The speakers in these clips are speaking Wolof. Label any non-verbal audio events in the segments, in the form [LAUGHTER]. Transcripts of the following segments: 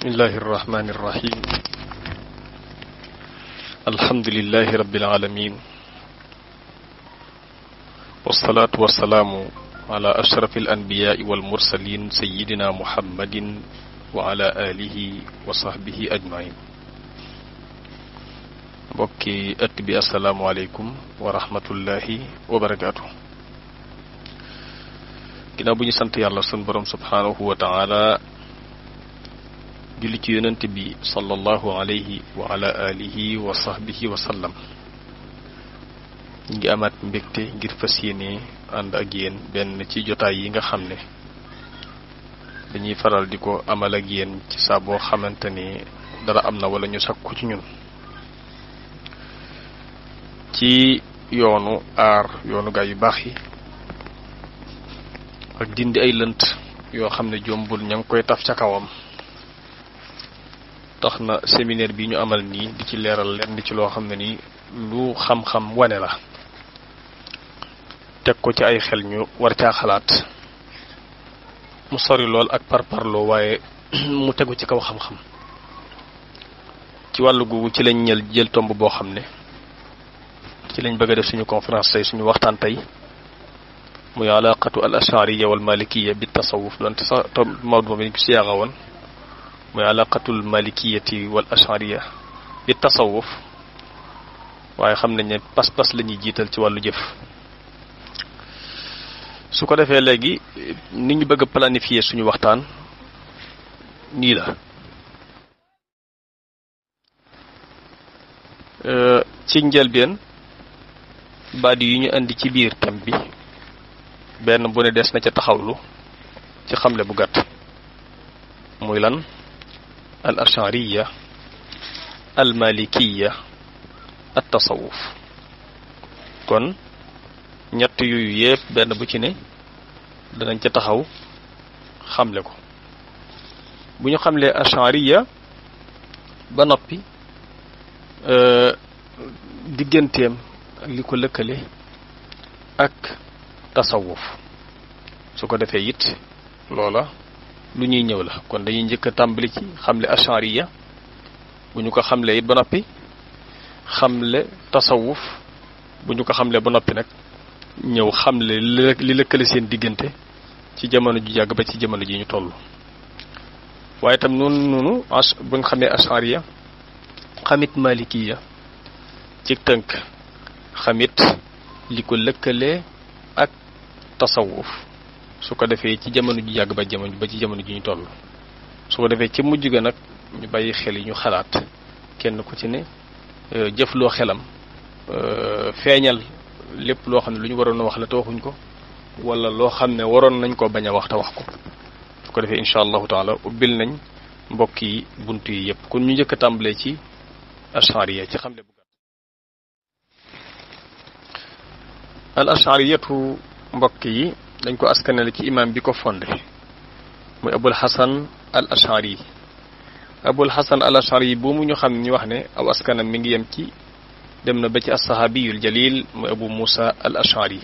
بسم الله الرحمن الرحيم الحمد لله رب العالمين والصلاة والسلام على أشرف الأنبياء والمرسلين سيدنا محمد وعلى آله وصحبه أجمعين بكي أتبي السلام عليكم ورحمة الله وبركاته كنا بني سنتي الله سنبرم سبحانه وتعالى julli ci yonent bi sallallahu alayhi wa ala alihi wa sahbihi wa sallam ngi amat mbekté ngir fasiyene and ak yeen ben ci jotay yi nga xamné dañuy faral diko amal ak yeen ci sa bo xamanteni dara amna wala ñu sakku ci ñun ci yoonu ar yoonu gaay yu bax yi ak dindi ay leunt yo xam jombul ñang koy taf ca kawam tax na séminaire bi ñu amal nii di ci leeral lenn ci loo xam ne nii lu xam-xam wane la teg ko ci ay xel ñu war caa xalaat mu sori lool ak parparloo waaye [CLEARS THROAT] mu tegu ci kaw xam-xam ci wàllu googu ci lañ ñël jël tomb boo xam ne ci lañ bëgg def suñu conférence tey suñu waxtaan tey muy alaqatu al ashariya wal malikiya bi tasawuf donte sax tomb moom lañ ko siyaaxa woon muy alaqatul malikiyati wal ashariya di tasawuf waaye xam nañ ne pas-pas la ñuy jiital ci wàllu jëf su ko defee léegi ni ñu bëgg planifier suñu waxtaan nii la ci njëlbeen baat yu ñu andi ci biir tam bi benn bu ne des na ca taxawlu ci xamle bu gàtt muy lan الأشعرية المالكية التصوف كن نيت يو ييب بن بوتي ني دا نجي تاخاو خامليكو بو ني خاملي اشعريه با نوبي ا آه، ديغنتيم ليكو لكالي اك تصوف سوكو دافاي ييت لولا lu ñuy ñëw la kon dañuy njëkk a tàmbali ci xamle ashariya bu ñu ko xamle it ba noppi xamle tasawuf bu ñu ko xamle ba noppi nag ñëw xamle li lëkkale seen diggante ci jamono ju jàgg ba ci jamono ji ñu toll waaye tam noonu noonu as bu ñu xamee ashariya xamit malikiya ci tënk xamit li ko lëkkale ak tasawuf su ko defee ci jamono ju yàgg ba jamono ba ci jamono ju ñu toll su ko defee ci mujj ga nag ñu bàyyi xel yi ñu xalaat kenn ku ci ne euh, jëf loo xelam euh, feeñal lépp loo xam ne lu ñu waroon a wax la te waxuñ ko wala loo xam ne waroon nañ ko bañ a wax te wax ko su ko defee incha allahu taala ubbil nañ mbokk yi bunt yi yëpp kon ñu njëkk a tàmbalee ci ashariya ci xam ne bu gàtt al ashariyatu mbokk yi dañ ko askanale ci imaam bi ko fondé muy abul xasan al ashari abul xasan al ashari bu mu ñu xam ñu wax ne aw askanam mi ngi yem ci dem na ba ci assahabiyul jalil muy abu musa al ashari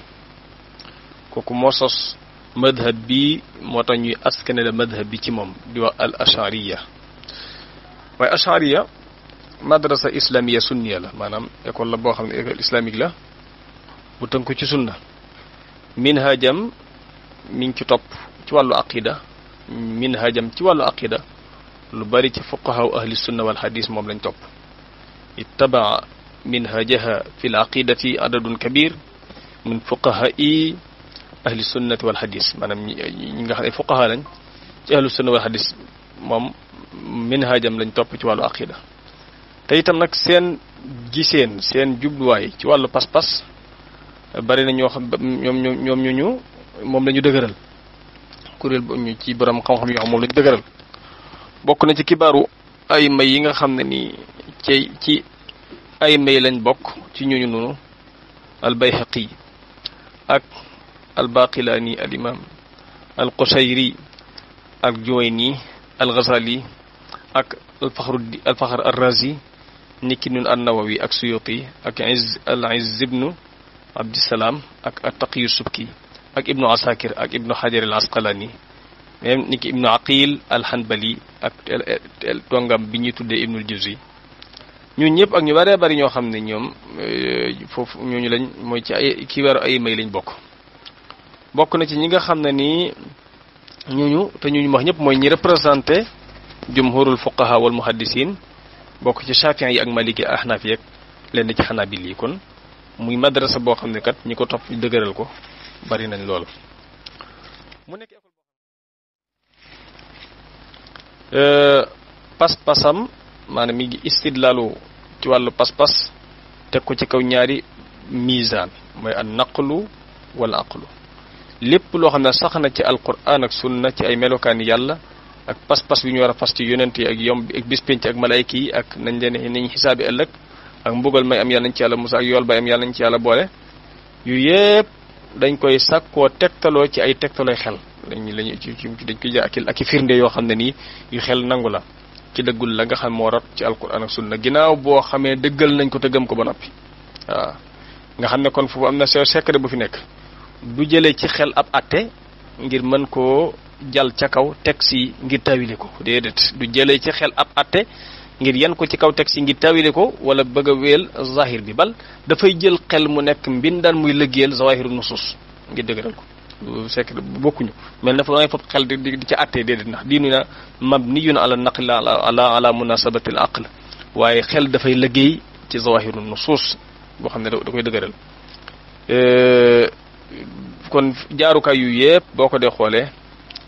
kooku moo sos madhab bi moo tax ñuy askanale madhab bi ci moom di wax al ashariya waaye ashariya madrasa islamiya sunniya la maanaam école la boo xam ne école la bu tënku ci sunna minhajam mi ngi ci topp ci wàllu aqida minhajam ci wàllu aqida lu bari ci fuqahaa ahli sunna wal hadis moom lañ topp ittabaa minhajaha fi l aqidati adadun kabir min fuqahai ahli sunnati wal hadis maanaam ñi nga xam ne fuqahaa lañ ci ahli sunna wal hadis moom minhajam lañ topp ci wàllu aqida te itam nag seen giseen seen jubluwaay ci wàllu pas-pas bari na ñoo xam ñoom ñoom ñoom ñu moom lañu ñu dëgëral kuréel bu ñu ci borom xam-xam yoo xam moom la ñu dëgëral bokk na ci kibaaru ay may yi nga xam ne nii ci ci ay may lañ bokk ci ñooñu noonu albayhaqi ak albaqilaani al imam al qushayri al juwayni al ghazali ak alfaxrudi alfaxar arrazi niki nun annawawi ak suyuti ak iz al iz ibnu abdissalaam ak attaqiyu subki ak ibnu asakir ak ibnu hajar al asqalani même ni ibnu aqil alhanbali ak tongam bi ñuy tuddee ibnul juzzi ñun ñëpp ak ñu bëree bëri ñoo xam ne ñoom euh, foofu ñooñu lañ mooy ci ay kii waru ay may lañ bokk bokk na ci ñi nga xam ne nii ñooñu te ñu wax ñëpp mooy ñu représenté jumhurul fuqaha wal muhaddisin bokk ci chafian yi ak maliki ak ahnaf yi ak lenn ci xanaabil yi kon muy madrasa boo xam ne kat ñi ko topp dëgëral ko bari nañ lool mu nekk école euh, pas-pasam maanaam mi ngi istidlaalu ci wàllu pas-pas teg ko ci kaw ñaari misaan mooy an naqlu wala aqlu lépp loo xam ne sax na ci alquran ak sunna ci ay melokaani yàlla ak pas-pas bi ñu war a fas ci yonent yi ak yom ak bis pénc ak malayka yi ak nañ leen nañ xisaabi ëllëg ak mbugal may am yàlla nañ ci yàlla musa ak yool bay am yàlla nañ ci yàlla boole yu yépp dañ koy sàkkoo tegtaloo ci ay tegtalooy xel dañ lañu ci dañ koy jaa ak i firnde yoo xam ne nii yu xel nangu la ci dëggul la nga xam moo rot ci alquran ak sunna ginnaaw boo xamee dëggal nañ ko te gëm ko ba noppi waaw nga xam ne kon foofu am na sew secret bu fi nekk du jëlee ci xel ab ate ngir mën koo jal ca kaw teg si ngir tawili ko déedéet du jële ci xel ab ate ngir yenn ko ci kaw teg si ngir tawile ko wala bëgg a wéel zahir bi bal dafay jël xel mu nekk mbindaan muy lëggéeyal zawahiru nusus ngir dëgëral ko sekk bokkuñu mel na fa dangay fab xel di di ci attee déedéet ndax diinu na mabniyun ala naqli ala ala munasabati al aql waaye xel dafay lëggéey ci zawahiru nusus boo xam ne da koy dëgëral kon jaarukaay yu yëpp boo ko dee xoolee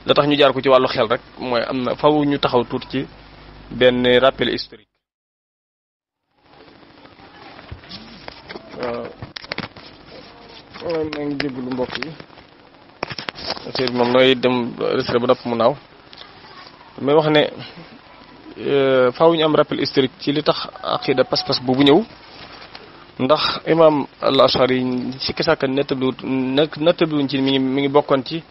la tax ñu jaar ko ci wàllu xel rek mooy am na faw ñu taxaw tuuti ci benn rappel historique waaw maa ngi jéggalu mbokk yi affaire bi moom nooy dem restre ba nopp mu naaw mais wax ne euh, faaw ñu am rappel historique ci li tax aqida pas-pas boobu ñëw ndax imam al ashar yi si kisàkka nettabliwu nettabliwuñ ci mi ngi mi ngi bokkoon ci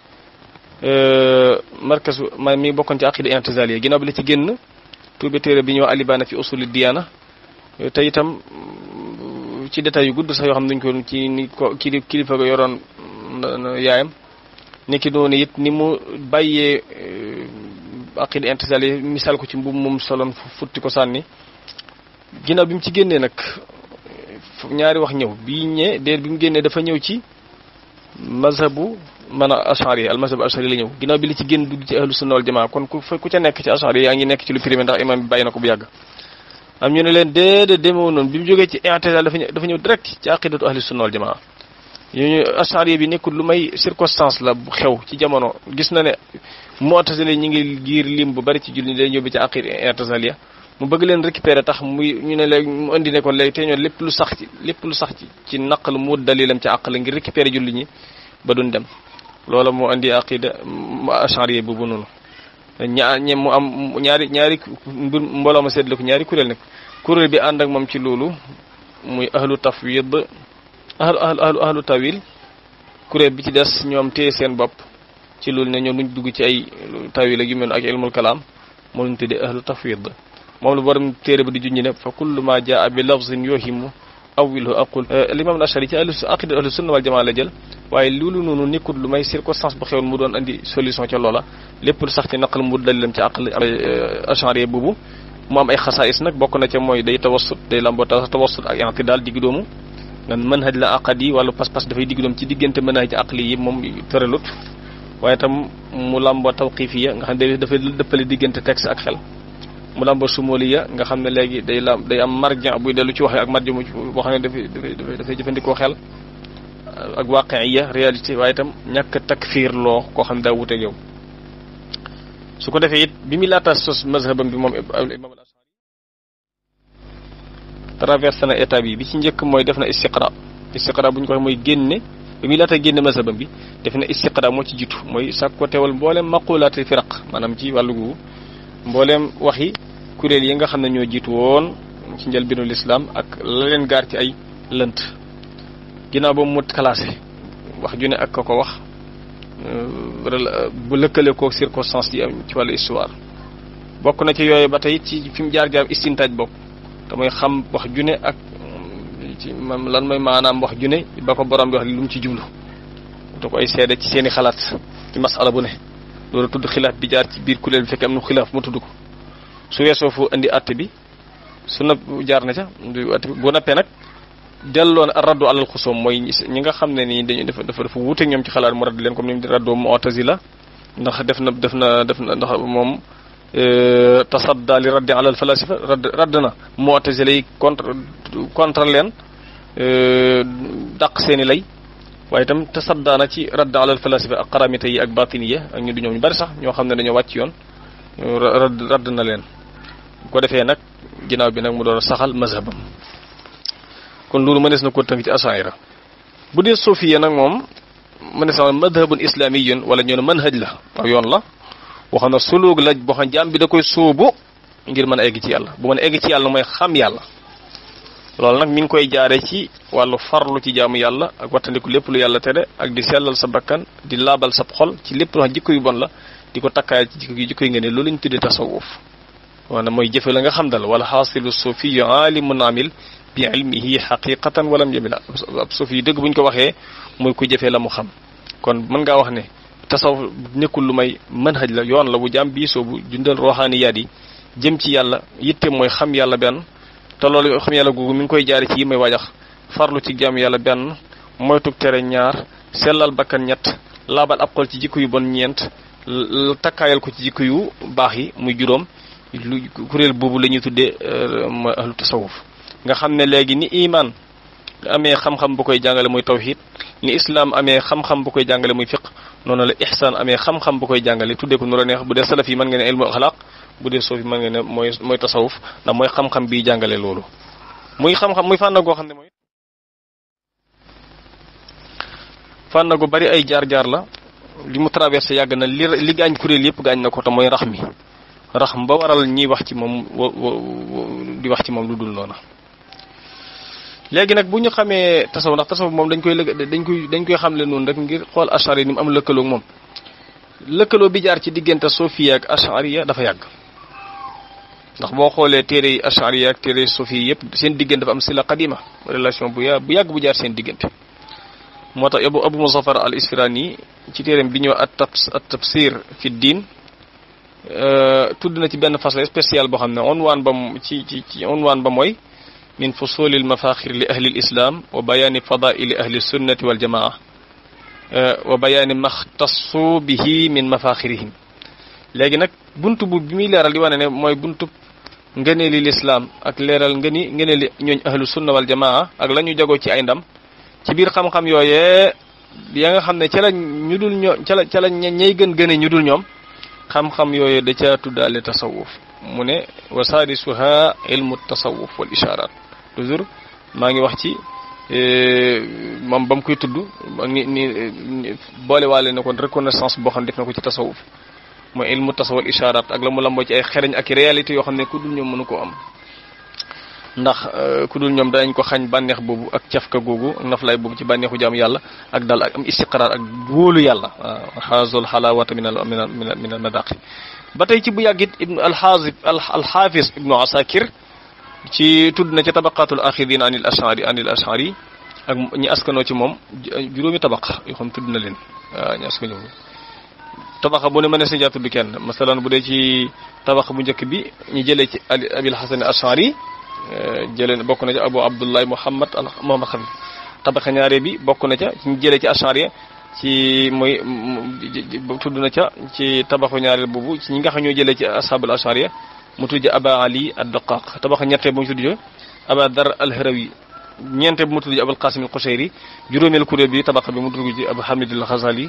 euh, markasu ma mi ngi bokkoon ci aqida intizaliya ginnaaw bi la ci génn tuube téere bi ñuy wax alibaana fi usuli diyaana te itam ci détails yu gudd sax yoo xam nañu ko ci ni ko kilifa ko yoroon yaayam nekki noonu it ni mu bàyyee eh, aqida intisal yi misaal ko ci mbubb moom soloon futti ko sànni ginnaaw bi mu ci génnee nag eh, ñaari wax ñëw bi ñee déer bi mu génnee dafa ñëw ci mazhabu mën a ashari yi almasab ashari la ñëw ginnaaw bi li ci génn dugg ci ahlu sunna jamaa kon ku ku ca nekk ci ashari yaa ngi nekk ci lu primé ndax imam bàyyi na ko bu yàgg am ñu ne leen déedéet demewu noonu bi mu jógee ci i'tizaal dafa ñëw dafa ñëw direct ci aqidatu ahlu sunna wal jamaa ñu ashari bi nekkul lu may circonstance la bu xew ci jamono gis na ne mu'tazila ñu ngi giir lim bu bari ci julli leen yóbbu ci aqid i'tizaal mu bëgg leen récupérer tax muy ñu ne léegi mu indi ne kon te ñoon lépp lu sax lépp lu sax ci ci naqal mu dalilam ci àq la ngir récupérer julli ñi ba duñ dem loola moo andi aqida ashariya boobu noonu ñaa mu am ñaari ñaari mbir mbooloo ma seetlu ko ñaari kuréel nag kuréel bi ànd moom ci loolu muy ahlu tafwid ahlu ahlu ahlu tawil kuréel bi ci des ñoom téye seen bopp ci loolu ne ñoom duñ dugg ci ay tawil ak yu mel ak ilmul kalaam moo luñ tuddee ahlu tafwid moom lu borom téere ba di junñi ne fa kullu ma jaa bi lafzin yoo awilhu aqul eh, al imam al ashari ci ahlu aqida ahlu sunna wal jamaa la jël waaye loolu noonu nekkul lu may circonstance bu xewoon mu doon andi solution ca loola lépp lu sax ci naqal mu dal leen ci àqal euh, achanré boobu mu am ay xasaa xasaayis nag bokk na ca mooy day tawassut day lamboo tawassut ak i'tidaal digg doomu nan manhaj la aqadi wala pas-pas dafay digg doom ci diggante manhaj aqli yi moom tëralut waaye tam mu lamboo tawqifiya nga xam ne dafay dëppale diggante texte ak xel mu làmba sumaliya nga xam ne léegi day la day am marjan buy dellu ci wax ak marjan boo xam ne dafay dafay dafay jëfandikoo xel ak waqiya réalité waaye itam ñàkk a takfiir loo koo xam ne daa wute yow su ko defee it bi muy laata sos mazhabam bi moom imam al ashari traversé na état bi bi njëkk mooy def na istiqra istiqra bu ñu ko waxee mooy génne bi mi laata génne mazhabam bi def na istiqra moo ci jiitu mooy sàkko teewal mbooleem maqulaati firaq maanaam ci wàllu gu mbooleem wax yi kuréel yi nga xam ne ñoo jiitu woon ci njëlbéenu lislaam ak la leen gaar ci ay lënt ginnaaw ba mu classé wax ju ne ak ka ko wax euh, bu lëkkale koo circonstance yi am ci wàllu histoire bokk na ci yooyu ba tey ci fi mu jaar jaar istintaaj bokk te mooy xam wax ju ak mm, ci lan mooy maanaam wax ju ne ba ko borom bi wax lu mu ci jublu te ko ay seede ci seeni xalaat ci masala bu ne loolu tudd xilaaf bi jaar ci biir kuréel bi fekk am na xilaaf mu tudd ko su weesoo fu indi àtte bi su na jaar na ca bu nappee nag delloon raddu alal xusoom mooy ñi nga xam ne nii dañu def dafa dafa wuute ñoom ci xalaat mu radd leen comme ni mu di ndax def na def na def na ndax moom e, tasadda li raddi alal falasifa radd radd na mu'tazila yi contre contre leen e, dàq seeni lay waaye itam tasadda na ci radd alal falasifa ak qaramita yi ak batiniya ak ñu du ñoom ñu bari sax ñoo xam ne dañoo wàcc yoon radd na leen bu ko defee nag ginnaaw bi nag mu door a saxal mazhabam kon loolu mënees na ko ci asaira budi dee sofiya nag moom mënees madhabun islamiyun wala ñu manhaj la ya aw yoon la waxana suluk laj bo xam jaam bi da koy sóobu ngir man a egg ci yalla bu man a egg ci yalla moy xam yalla nak mi ngi koy jaare ci walu farlu ci jamu yalla ya ak lepp lu yalla ya tere ak di selal sa bakkan di laabal sa xol ci lepp lu jikko yu bon la di takkay ci jikko yu jikko yi ngene lolu ñu tasawuf wana moy jëfe la nga xam dal wala hasilu sufiyyu alimun amil bi ilmihi xaqiqatan walam yamin ab sufi dëgg bu ñu ko waxee mooy ku jëfee la mu xam kon mën ngaa wax ne tasawuf nekkul lu may mën manhaj la yoon la bu jaam bii soobu jundal roxaaniyaat yi jëm ci yàlla yitte mooy xam yàlla benn te loolu xam yàlla googu mi ngi koy jaare ci yi may wajax farlu ci jaamu yàlla benn moytu tere ñaar sellal bakkan ñett laabal ab xol ci jikko yu bon ñeent takkaayal ko ci jikko yu baax yi muy juróom lu kuréel boobu la ñuy tuddee euh, mooy ahlu nga xam ne léegi ni iman amee xam-xam bu koy jàngale muy tawhid ni islaam amee xam-xam bu koy jàngale muy fiq noonu la ihsaan amee xam-xam bu koy jàngale tuddee ko nu la neex bu dee salaf yi mën nga ne ilmu xalaaq bu dee suuf yi mën nga ne mooy mooy tasawuf ndax mooy xam-xam biy jàngale loolu muy xam-xam muy fànn goo xam ne mooy fànn gu bari ay jaar-jaar la li mu traversé yàgg na li li gaañ kuréel yëpp gaañ na ko te mooy rax mi rax ba waral ñiy wax ci moom di wax ci moom lu dul noona léegi nak buñu xamé xamee ndax tasaw mom dañ koy dañ koy dañ koy xamlé non rek ngir xol ashari ni am lëkkaloo mom lekkelo bi jaar ci digënta sofiya ak ashariya dafa yàgg ndax bo xolé téré ashariya ak téré sofiya yépp seen digënta dafa am sila qadima relation bu ya bu yàgg bu jaar seen digënta motax abu abu muzaffar al isfirani ci téréem bi ñëw at at tafsir fi euh tudd na ci ben fasal spécial bo xamné on ba ci ci ba moy min fusuuli almafaxir li ahli alislaam wa bayaani fadaili ahli sunnati waljamaa wa bayaani maxtasu bihi min mafaxirihim léegi nag bunt bu bi muy leeral di wane ne mooy buntub ngëneeli lislaam ak leeral ngëni ngëneeli ñooñ ahlu sunna wal jamaa ak la ñu jagoo ci ayndam ci biir xam-xam yooyee ya nga xam ne ca la ñu dul ca la ca la gën ñu dul ñoom xam-xam yooyee da caa tuddaale tasawuf mu ne wa saadisuha ilmu tasawuf wal ishaaraat toujours maa ngi wax ci moom ba mu koy tudd ni ni boolewaale na kon reconnaissance boo xam ne def na ko ci tasawuf mooy ilmu tasawuf ishaaraat ak la mu lamboo ci ay xereñ ak réalité yoo xam ne ku dul ñoom mënu koo am ndax ku dul ñoom danañ ko xañ bànneex boobu ak cafka googu ak naflaay boobu ci bànneexu jaam yàlla ak dal ak am istiqraar ak wóolu yàlla hazul halawat min al min al min al madaqi ba tey ci bu yàggit ibnu al hafiz ibnu asakir ci tudd na ci tabaqaatul axidin anil ashari anil ashari ak ñi askanoo ci moom juróomi tabax yoo xam tudd na leen waaw ñi askanoo tabaxa ne mënees na jaa tudd kenn masalan bu dee ci tabax bu njëkk bi ñu jëlee ci abil hasan ashari eh, jëlee bokk na ci abu abdullahi muhammad al muhammad ñaare bi bokk na ca ñu jëlee ci ashari ci mooy tudd na ca ci tabaxu ñaareel boobu ci ñi nga xam ñoo jëlee ci ashabul ashariya mu tudd Aba Ali ad-Daqaq tabax ñetteel ba mu tudd Aba Dar al-Harawi ñeenteel bi mu tudd Abul Qasim al-Qushayri juróomeel kuréel bi tabax bi mu tudd ci Abu Hamid al-Ghazali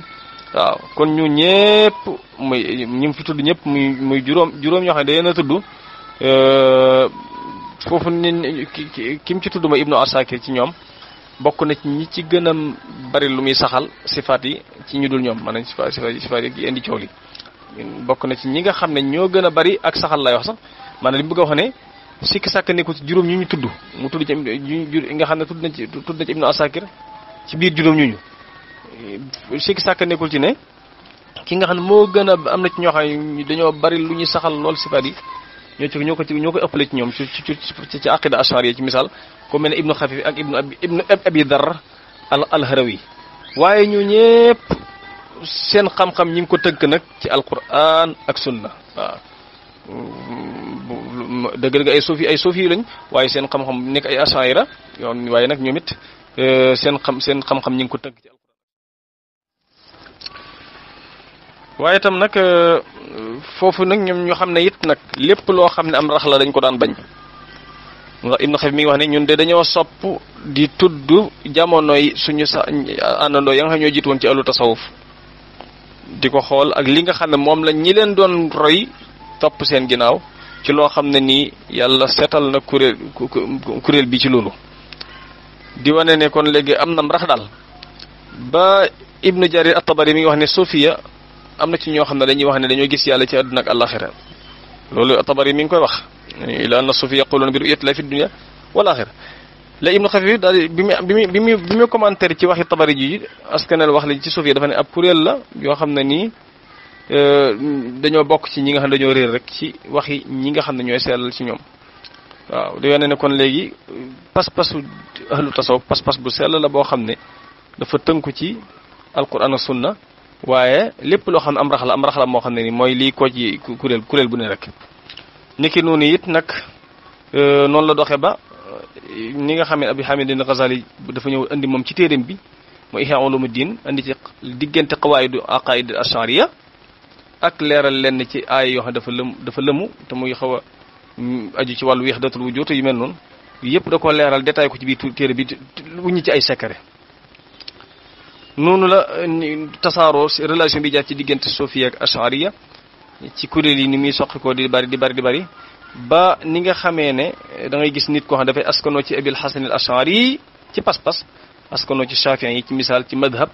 waaw kon ñu ñëpp muy ñi mu fi tudd ñëpp muy muy juróom juróom yoo xam ne day na tudd euh, foofu ni ki ki mu ci tudd ma Ibnu Asakir ci ñoom bokk na ci ñi ci gën a bari lu muy saxal sifaat yi ci ñu dul ñoom man sifaat sifaat yi indi coow li bokk na ci ñi nga xamne ño gëna bari ak saxal lay wax sax man li bëgg wax ne sikk sàkk nekku ci juroom ñu ñu tuddu mu tuddu ci nga xamne tuddu na ci tuddu na ci ibnu asakir ci biir juroom ñu ñu sikk sàkk nekkul ci ne ki nga xamne mo gëna am na ci ño xamne bari lu ñu saxal lool ci yi ño ci ño ko ci ño ko ëppale ci ñoom ci ci ci aqida ashariya ci misal ko melni ibnu khafif ak ibnu ibnu abi dar al harawi waye ñu ñepp seen xam-xam ñi ngi ko tëgg nag ci alquran ak sunna waaw dëgg ay sufi ay sufi lañ waaye seen xam-xam nekk ay asaayira yoon waaye nag ñoom it eh, seen xam seen xam-xam ñi ngi ko tëgg ci alquran waaye tam nag eh, foofu nag ñoom ñu xam ne it nag lépp loo xam ne am rax la dañ ko daan bañ ndax xef mi wax ne ñun de dañoo sopp di tudd jamono yi suñu sa yang ya nga xam ñoo jiit woon ci alu tasawuf di ko xool ak li nga xam ne moom lañ ñi leen doon roy topp seen ginnaaw ci loo xam ne nii yàlla setal na kuréel kuréel bi ci loolu di wane ne kon léegi am na rax daal ba ibnu jarir at mi ngi wax ne sufiya am na ci ñoo xam ne dañuy wax ne dañoo gis yàlla ci àdduna ak àllaaxira loolu at mi ngi koy wax ila anna sufiya yaquluna bi ru'yati la fi dunya wal aaxira la Ibnu Xafiif daal di bi muy bi mu bi muy commentaire ci waxi tabari ji askanal wax li ci suuf dafa ne ab kuréel la yoo xam ne nii euh, dañoo bokk ci ñi nga xam dañoo réer rek ci waxi ñi nga xam ne ñooy sellal ci ñoom waaw di wane ne kon léegi pas-pasu ahlu tasawuf pas-pas bu sell la boo xam ne dafa tënku ci alquran ak sunna waaye lépp loo xam ne am raxla am raxla moo xam ne ni mooy lii ko ci kuréel kuréel bu ne rek niki noonu it nag euh, noonu la doxe ba Euh, ni nga xam ne Abi Hamid al-Ghazali dafa ñëw indi moom ci téeréem bi mu Ihya Ulumuddin indi ci diggante qawaayidu aqaid al-ashariya ak leeral lenn ci aay yoo xam dafa lëm dafa lëmu te muy xaw a mm, aju ci wàllu weex wahdatul wujuud yu mel noonu yëpp da ko leeral détaillé ko ci biir téere bi wuññi ci ay secret noonu la euh, tasaaroo relation bi jaar ci diggante sofiya ak ashariya ci kuréel yi ni muy soqi di bari di bari di bari ba ni nga xamee ne da ngay gis nit koo xam dafay askanoo ci abil xasan al ashari ci pas-pas askanoo ci chafian yi ci misaal ci madhab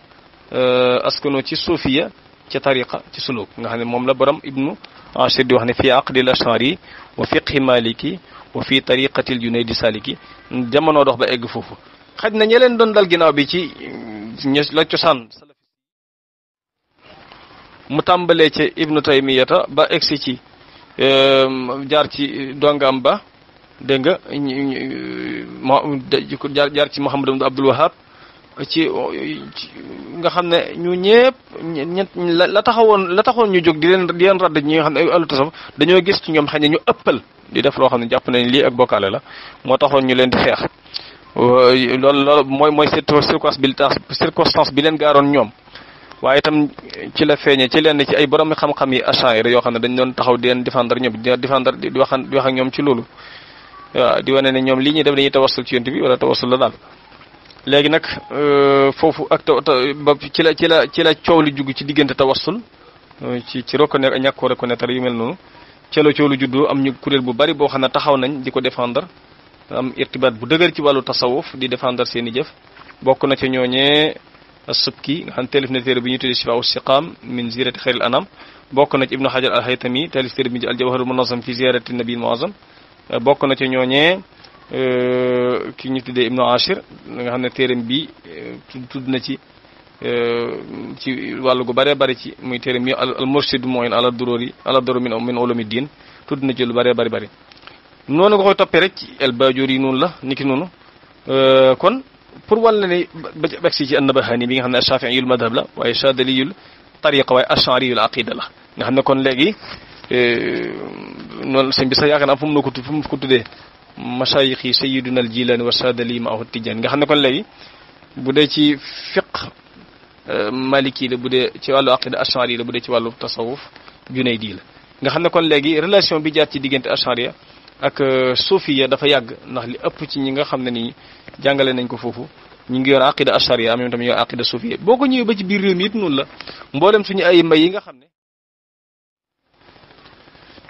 euh, askanoo ci suufiya ci tariqa ci suluk nga xam ne moom la borom ibnu ashir di wax ne fii aqdi al ashari wa fiqhi maliki wa fii tariqati al junaydi saliki jamono dox ba egg foofu xaj na ñe leen doon dal ginnaaw bi ci la cosaan mu tàmbalee ci ibnu taymiyata ba egsi ci Ehm, jaar ci dongam ba dégg nga mo jaar jaar ci Mouhamadou Abdou Abdoul Wahab ci nga xam ne ñu ñëpp ñett la taxawoon la taxoon ñu jóg di leen di leen radd ñi nga xam ne alu tasawuf dañoo gis ci ñoom xëy na ñu ëppal di def loo xam ne jàpp nañ lii ak bokkaale la moo taxoon ñu leen di xeex loolu loolu mooy mooy circonstance bi circonstance bi leen gaaroon ñoom waye tam ci la feñe ci lenn ci ay borom xam-xam yi asaayir yo xamne dañ doon taxaw di leen défendre ñoom di défendre di wax di wax ak ñom ci lolu waaw di wone ne ñom li ñi dem dañuy tawassul ci yent bi wala tawassul la dal legi nak euh, fofu ak ba ci la ci la ci la ciowlu lu ci diggante tawassul euh, ci ci reconnaître ñak ko tar yu mel noonu ci la ciowlu juddu am ñu kurel bu bari bo xamne taxaw nañ diko ko am irtibat bu dëgër ci walu tasawuf di défendre seen jëf bokku na ci ñoñe as-Subki nga xam taalif na bi ñu tuddee Shifaa as-Siqaam min Siirati Xayril Anaam bokk na ci Ibnu Hajar al-Haytami taalif téere bi ci al-Jawharul Munazzam fi Ziyaarati Nabi al-Mu'azzam bokk na ci ñooñee euh, ki ñu tuddee Ibnu Ashir nga xam ne téereem bi euh, tudd na ci euh, ci wàllu gu bëree bëri ci muy téereem yi al-Murshid mooy ala dururi ala dururi min ulumi diin tudd na ci lu bëree bëri bëri. noonu nga koy toppee rek ci El Bajuri yi noonu la niki noonu kon. pour wan la ne ba ba si bi nga xam ne achafiiyul madhab la waaye chadaliyul tariqa waaye achariyul aqida la nga xam ne kon léegi e, noonu sëñ bi sax yaakaar naa fu mu ko fu mu ko tuddee masayix yi sayiduna al jilani wa chadali ma ahu tijaan nga xam ne kon léegi bu dee ci fiq e, maliki la bu dee ci wàllu aqida achari la bu dee ci wàllu tasawuf junaydi la nga xam ne kon léegi relation bi jaar ci diggante acharia ak euh, sufiya dafa yag ndax li ëpp ci ñi nga xam ne jàngale nañ ko fofu ñi ngi yor aqida asharia am tam yor aqida sufiya boko ñëw ba ci biir réew mi it noonu la mboolem suñu ay mbay yi nga xamne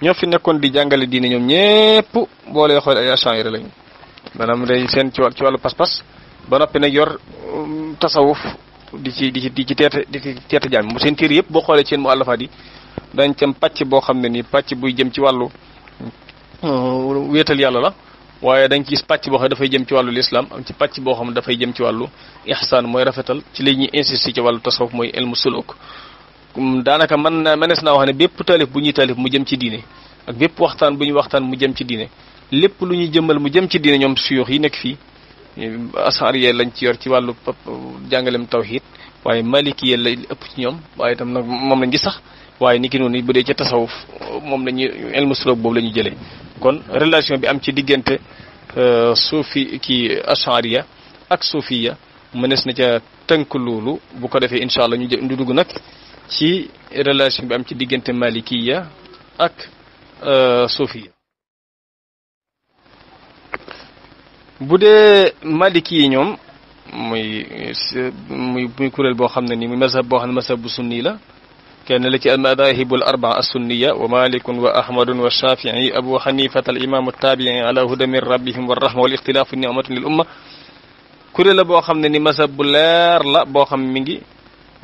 ño fi nekkon di jàngale diine ñom ñepp boo lay ay ashariya lañu manam day seen ci ci wàllu pas-pas ba nopi nak yor um, tasawuf di ci di ci di ci tete di ci jamm jaam seen tire yépp bo xolé seen mu àllafaat yi dañ ci pàcc boo xam ne nii pàcc buy jëm ci walu Euh, wéetal yàlla la waaye dañ ci gis pàcc boo xam dafay jëm ci wàllu lislaam am ci pàcc boo xam dafay jëm ci wàllu ihsaan mooy rafetal ci li ñuy insisté ci wàllu tasawuf mooy ilmu suluk mm, daanaka man na mënees naa wax ne bépp taalif bu ñuy taalif mu jëm ci diine ak bépp waxtaan bu ñuy waxtaan mu jëm ci diine lépp lu ñuy jëmmal mu jëm ci diine ñoom suyoox yi nekk fii asaar lañ ci yor ci wàllu jàngalem tawhid waaye maliki yee la ëpp ci ñoom waaye itam nag moom lañ gi sax waaye ni ki noonu bu dee ca tasawuf moom lañuy ilmu suluk boobu la ñuy jëlee kon relation bi am ci diggante euh, suufi ki ashariya ak suufiya mënees na ca tënk loolu bu ko defee incha allah ñu jë ñu dugg nag ci relation bi am ci diggante malikiya ak euh, suufiya bu dee maliki yi ñoom muy muy muy kuréel boo xam ne ni muy mazhab boo xam ne mazhab bu sunni la kenn la ci almadahibul arbaa assunniya wa malikun wa ahmadun wa shafii abu xanifata al imamu taabii ala huda min rabbihim wa rahma wal ixtilaafu nimatun kuréel la boo xam ne ni masab bu leer la boo xam mi ngi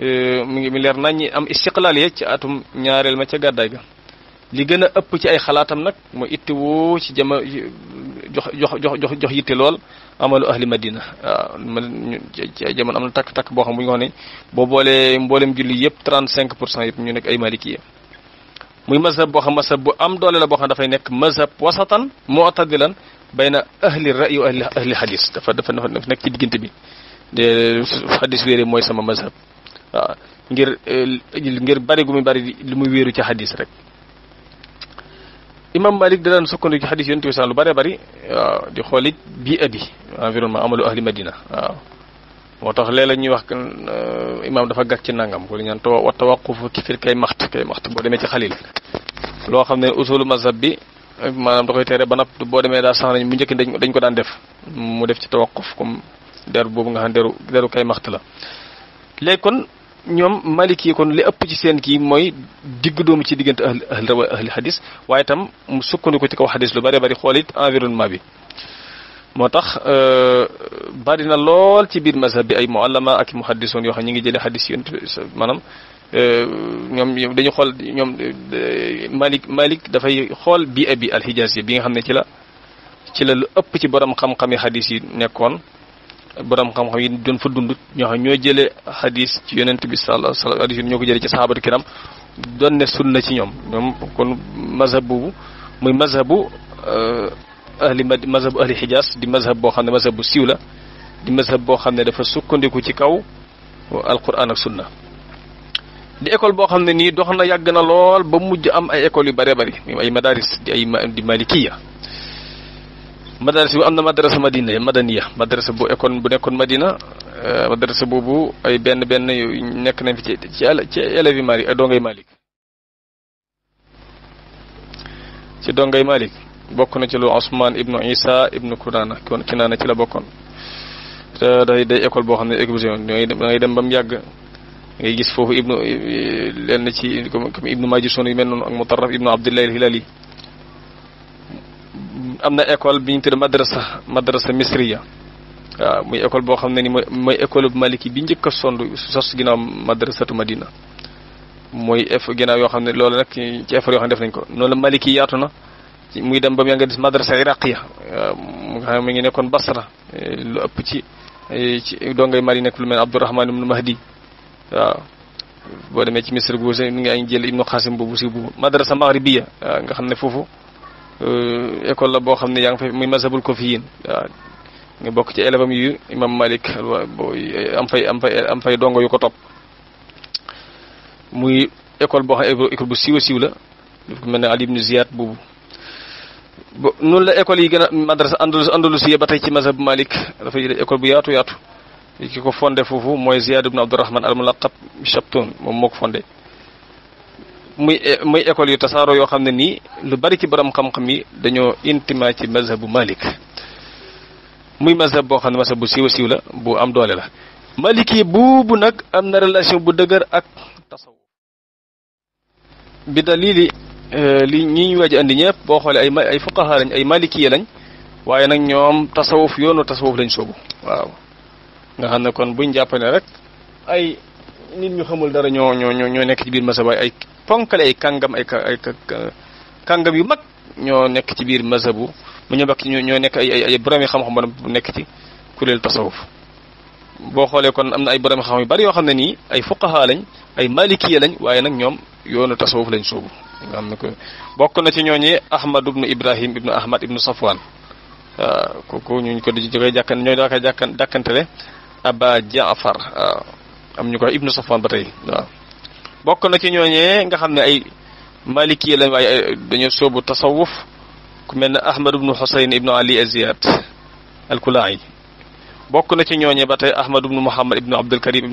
euh, mi ngi mi nañ ñi am istiqlaal ya ci atum ñaareel ma ca gàddaay ga li gën a ëpp ci ay xalaatam nag mu itti woo ci jama jox jox jox jox yitte lool amalu ahli madina waaw man ci ay jamono am na takk-takk boo xam mu ñu ko ne boo boolee mboolem julli yëpp cinq pour cent yëpp ñu nekk ay maliki muy mazhab boo xam mazhab bu am doole la boo xam dafay nekk mazhab wasatan mu'tadilan bayna ahli ra'yi wa ahli ahli hadis dafa dafa dafa nekk ci diggante bi de hadis wéere mooy sama mazhab waaw ngir ngir bari gu muy bari lu muy wéeru ci hadis rek. imam Malik da daan sukkandiku ci xadis yonent bi lu bëree bëri waaw di xoolit bii abi environnement amalu ahli madina waaw moo tax lee léeg ñuy wax euh, imam dafa gàc ci nangam ko li ngeen taw wa tawaqufu ci fir kay maxt kay maxt boo demee ci xalil loo xam ne usulu mazhab bi maanaam da koy teere ba napp boo demee daa san nañ bu njëkk dañ ko daan def mu def ci tawaquf comme der boobu nga xam deru deru kay maxt la léegi ñoom malik yi kon li ëpp ci seen kii mooy digg doomu ci diggante ahli ahli xadis waaye tam mu sukkandiku ci kaw xadis lu bari bari xool it environnement bi moo tax euh, bari na lool ci biir mazhab bi ay muallama ak muhaddisoon yoo xam ñi ngi jëlee xadis yi maanaam euh, ñoom dañu xool ñoom euh, malik malik dafay xool bi abi alxijaas bi nga xam ne ci la ci la lu ëpp ci borom xam-xami xadis yi nekkoon borom xam-xam yi doon fa dund ñoo xam ñoo jëlee hadis ci yonent bi sallallahu alayhi wa sallam hadis ñoo ko jëlee ci sahabatu kiram doon ne sunna ci ñoom ñoom kon mazhab boobu muy mazhabu euh, ahli mad mazhabu ahli xijaas di mazhab boo xam ne mazhab bu siiw la di mazhab boo xam ne dafa sukkandiku ci kaw alquran ak sunna di école boo xam ne nii dox na yàgg na lool ba mujj am ay écoles yu bare bari ay madaris di ay di malikiya madaris bi am na madrasa madina madaniya madrasa bu ekkoon bu nekkoon madina euh, madrasa boobu ay benn benn nekk nañ fi ci ci ci élèves yi dongay Malik ci dongay Malik bokk na ci lu Ousmane ibnu Isa ibnu Kinaana kon Kinaana ci la bokkoon te day day école boo xam ne éclosion da ngay dem ba mu yàgg ngay gis foofu ibnu euh, lenn ci comme ibnu Majusun yu mel noonu ak Mutarraf ibnu Abdillah al am na école bi ñu tudd madrasa madrasa misriya waaw muy école boo xam ne ni mooy mooy école bu maliki bi njëkk a sond sos ginnaaw madrasatu madina mooy eff ginnaaw yoo xam ne loolu rek ci effort yoo xam ne def nañ ko noonu la maliki yaatu na muy dem ba mu nga gis madrasa iraqiya ya nga xam mi ngi nekkoon basra eh, lu ëpp ci eh, ci dongay mari nekk lu mel ne abdourahman ibnu mahdi waaw boo demee ci misri bu mi ngi ay jël ibnu xasim boobu si boobu madrasa maghribiya nga xam ne foofu Euh, école la boo xam ne yaa ngi fay muy mazhabul kofiyin waaw nga bokk ci élève yi yu imam Malik am fay am fay dongo yu ko topp muy école boo xam ne bu siiw a siiw la daf mel ne Ali ibn Ziyad boobu bo noonu la école yi gën a madrasa andalus andalusiya ba tey ci mazhab Malik dafay école bu yaatu yaatu ki ko fondé foofu mooy Ziyad ibn Abdurrahman al-Mulaqab Shabtun moom moo ko muy eh, muy école yu tasaaro yo xamné ni lu bari ci borom xam-xam yi dañoo intima ci mazhabu malik muy mazhab bo xamné mazhab bu siiw la bu am doole la maliki bubu nak am na relation bu ak tasawuf bi dalili eh, li ñi ñu waji andi ñepp bo xolé ay ay fuqaha lañ ay maliki lañ waye nak ñoom tasawuf yoonu tasawuf lañ soobu waaw nga xamné kon buñu jappalé rek ay nit ñu xamul dara ñoo ñoo ñoo nekk ci biir masaba ay ponkale ay kàngam ay ay kàngam yu mag ñoo nekk ci biir mazhabu mu ñu ñoo nekk ay ay borom xam-xam bu nekk ci kuréel tasawuf boo xoolee kon am na ay borom xam yu bari yoo xam ne nii ay fuqaha lañ ay malikiya lañ waaye nag ñoom yoonu tasawuf lañ soobu xam ne ko bokk na ci ñooñee Ahmad ibnu Ibrahim ibnu Ahmad ibnu Safwan waaw kooku ñu ko di koy jàkkan ñoo daa koy jàkkan jàkkantele Aba Jaafar am ñu ko Ibnu Safwan ba tey waaw bokk na ci ñooñe nga xamne ay maliki la way dañu sóobu tasawuf ku melni ahmad ibn husayn ibn ali aziyat al bokk na ci ñooñe batay ahmad ibn muhammad ibn abdulkarim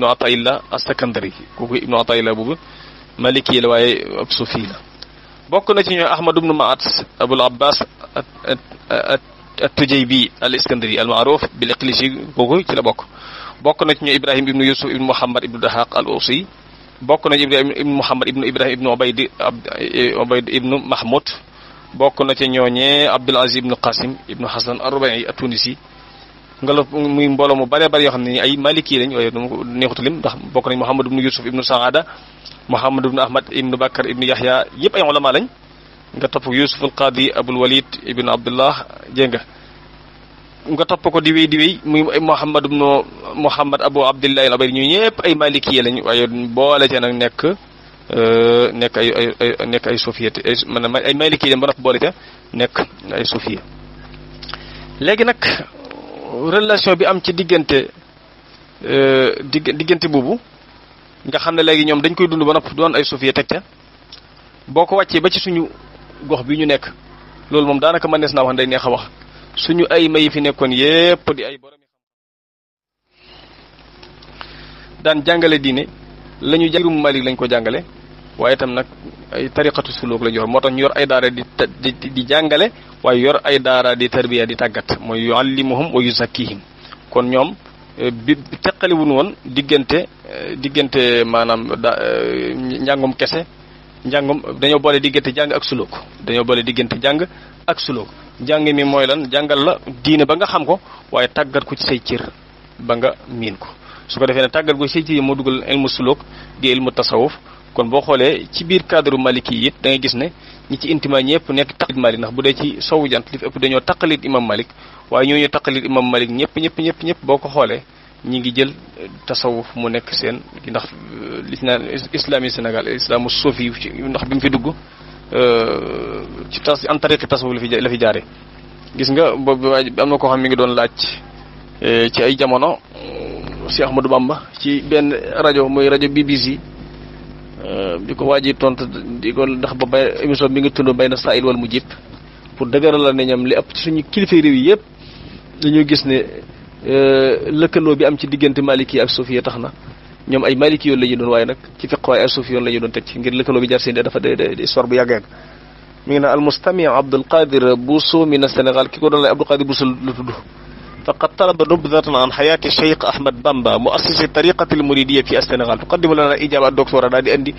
as-sakandari ku ko ibn ataillah boobu maliki la way ab sufi la bokk na ci ñooñe ahmad ibn maat abul abbas التجيبي الاسكندري المعروف بالاقليسي بوكو تي لا بوك بوك نك ني ابراهيم ابن يوسف ابن محمد ابن دهاق الاوصي bokk nañ Ibrahim ibnu Muhammad ibnu Ibrahim ibnu Obayd Obayd eh, ibnu Mahmoud bokk na ci ñooñee Abdul Aziz ibnu Qasim ibnu Hasan Arba'i a tunisi ngelaw muy mbooloo mu bëree bëri yoo xam ne ay maliki lañ waaye neexutu lim ndax bokk nañ Muhammad ibnu Yusuf ibnu Saada Muhammad ibnu Ahmad ibnu Bakar ibnu Yahya yëpp ay ulama lañ nga topp Yusuf al-Qadi Abul Walid ibnu Abdullah jénga nga topp ko di wéy di wéy muy Muhammad ibnu Muhammad Abu Abdillahi al-Abadi ñu ñëpp ay malikiye lañu waaye boole ca nag nekk euh, nekk ay ay nekk ay sofiye ay maanaam ay malikiye ba noppi boole ca nekk ay sofiye léegi nag relation bi am ci diggante euh, diggante boobu nga xam ne léegi ñoom dañ koy dund ba noppi doon ay sofiye teg ca boo ko wàccee ba ci suñu gox bi ñu nekk loolu moom daanaka mënees naa wax day neex a wax. suñu ay mayi fi nekkoon yépp di ay borom daan jàngale diine la ñu jàngum Malik lañ ko jàngale waaye tam nag ay tariqatu suluk la ñu yor moo tax ñu yor ay daara di di jàngale waaye yor ay daara di tarbiya di tàggat mooy yuallimuhum wa yuzakkihim kon ñoom eh, bi teqaliwun woon diggante eh, diggante maanaam da eh, njàngum kese njàngum dañoo boole diggante jàng ak suluk dañoo boole diggante jàng ak jàng mi mooy lan jàngal la diine ba nga xam ko waaye tàggat ko ci say cër ba nga miin ko su ko defee ne tàggat ko ci say cër yi moo dugal ilmu suluk di ilmu tasawuf kon boo xoolee ci biir cadre maliki yi it da gis ne ñi ci intima ñëpp nekk taqalit malik ndax bu dee ci sowu jant li fi ëpp dañoo taqalit imam malik waaye ñooñu taqalit imam malik ñëpp ñëpp ñëpp ñëpp boo ko xoolee ñi ngi jël euh, tasawuf mu nekk seen ndax euh, li ci naan islam yi Sénégal islamu suufi ndax bi mu fi dugg euh, ci tas an tariqi tasawuf la fi la fi jaare gis nga boobu am na koo xam mi ngi doon laaj ci ay jamono Cheikh Ahmadou Bamba ci benn rajo muy rajo BBC bi ko waa ji tontu di ko ndax ba bay émission bi nga tund bay na Saïd wal Mujib pour dëgëral la ne ñoom li ëpp ci suñu kilifa réew yi yëpp dañoo gis ne. Euh, lëkkaloo bi am ci diggante maliki yi ak suufiya tax na ñoom ay maliki yoon la ñu doon waaye nag ci fiq waaye ay suufi yoon la ñu doon teg ci ngir lëkkaloo bi jar seen dafa de histoire bu yàgg-yàgg mi ngi naan almustami Abdul Qadir Bousso mi na Sénégal ki ko doon lay Abdul Qadir Bousso la tudd فقد طلب نبذة عن حياة الشيخ أحمد بامبا مؤسس الطريقة المريدية في السنغال تقدم لنا إجابة الدكتورة نادي أندي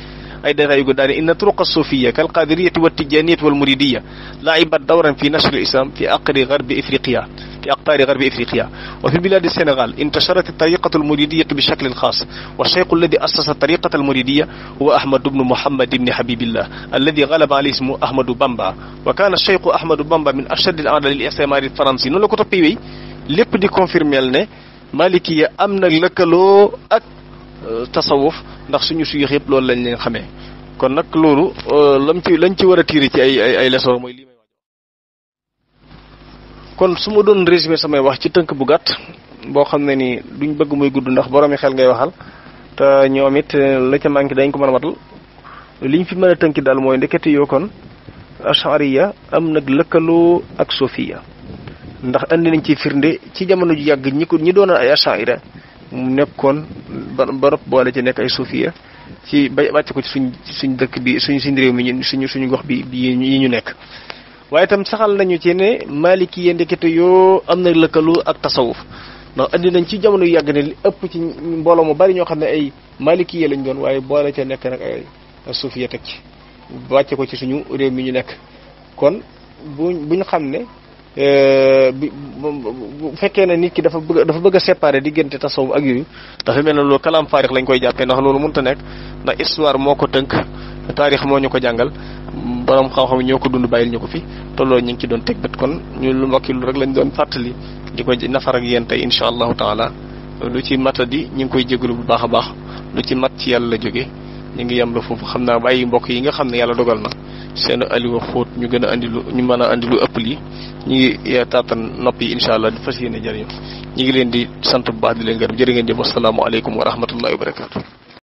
أيضا يقول داني إن الطرق الصوفية كالقادرية والتجانية والمريدية لعبت دورا في نشر الإسلام في أقر غرب إفريقيا في أقطار غرب إفريقيا وفي بلاد السنغال انتشرت الطريقة المريدية بشكل خاص والشيخ الذي أسس الطريقة المريدية هو أحمد بن محمد بن حبيب الله الذي غلب عليه اسمه أحمد بامبا وكان الشيخ أحمد بامبا من أشد الأعداء للإستعمار الفرنسي نقول لك lépp di confirmeel ne maliki ya am na lëkkaloo ak euh, tasawuf ndax suñu suyux yëpp loolu lañ leen xamee kon nag loolu euh, lam ci lañ ci war a tiiri ci ay ay ay mooy lii may wax kon su ma doon résumé samay wax ci tënk bu gàtt boo xam ne ni duñ bëgg muy gudd ndax boroomi xel ngay waxal te ñoom it euh, la ca manqué dañ ko mën a matal liñ fi mën a tënki daal mooy ndekete yoo kon achariya am nag lëkkaloo ak sofiya ndax andi nañ ci firnde ci jamono ju yàgg ñi ko ñi doon ay asaira mu nekkoon ba ba boole ci nekk ay suufiya ci ba wàcc ko ci suñ suñ dëkk bi suñ suñ réew suñu suñu gox bi yi ñu nekk. waaye itam saxal nañu ci ne maaliki yi ndekete yoo am na lëkkaloo ak tasawuf ndax andi nañ ci jamono yàgg ne ëpp ci mbooloo mu bari ñoo xam ne ay maaliki yi lañ doon waaye boole ca nekk nag ay suufiya teg ci wàcce ko ci suñu réew mi ñu nekk kon buñ buñ xam ne. Euh, bi bu fekkee ne nit ki dafa bëgg dafa bëgg a séparer diggante tasawuf ak yooyu dafa mel ne loolu kalaam faarix lañ koy jàppee ndax loolu mënta nekk ndax histoire moo ko tënk taarix moo ñu ko jàngal boroom xam-xam ñoo ko dund bàyyil ñu ko fi te loolu ñu ngi ci doon teg bët kon ñu lu mbokki rek lañ doon fàttali di ko nafar ak yéen tey incha allahu taala lu ci mata di ñu ngi koy jégalu bu baax a baax lu ci mat ci yàlla la jóge ñu ngi yem la foofu xam naa bàyyi mbokk yi nga xam ne yàlla dogal na seen ali wa xóot ñu gën a andi lu ñu mën a andi lu ëpp lii ñu ngi yaataatan noppi incha allah di fas yéene jërëjëf ñu ngi leen di sant bu baax di leen gërëm jërë ngeen jëf wasalaamaaleykum wa rahmatullahi wa barakatuh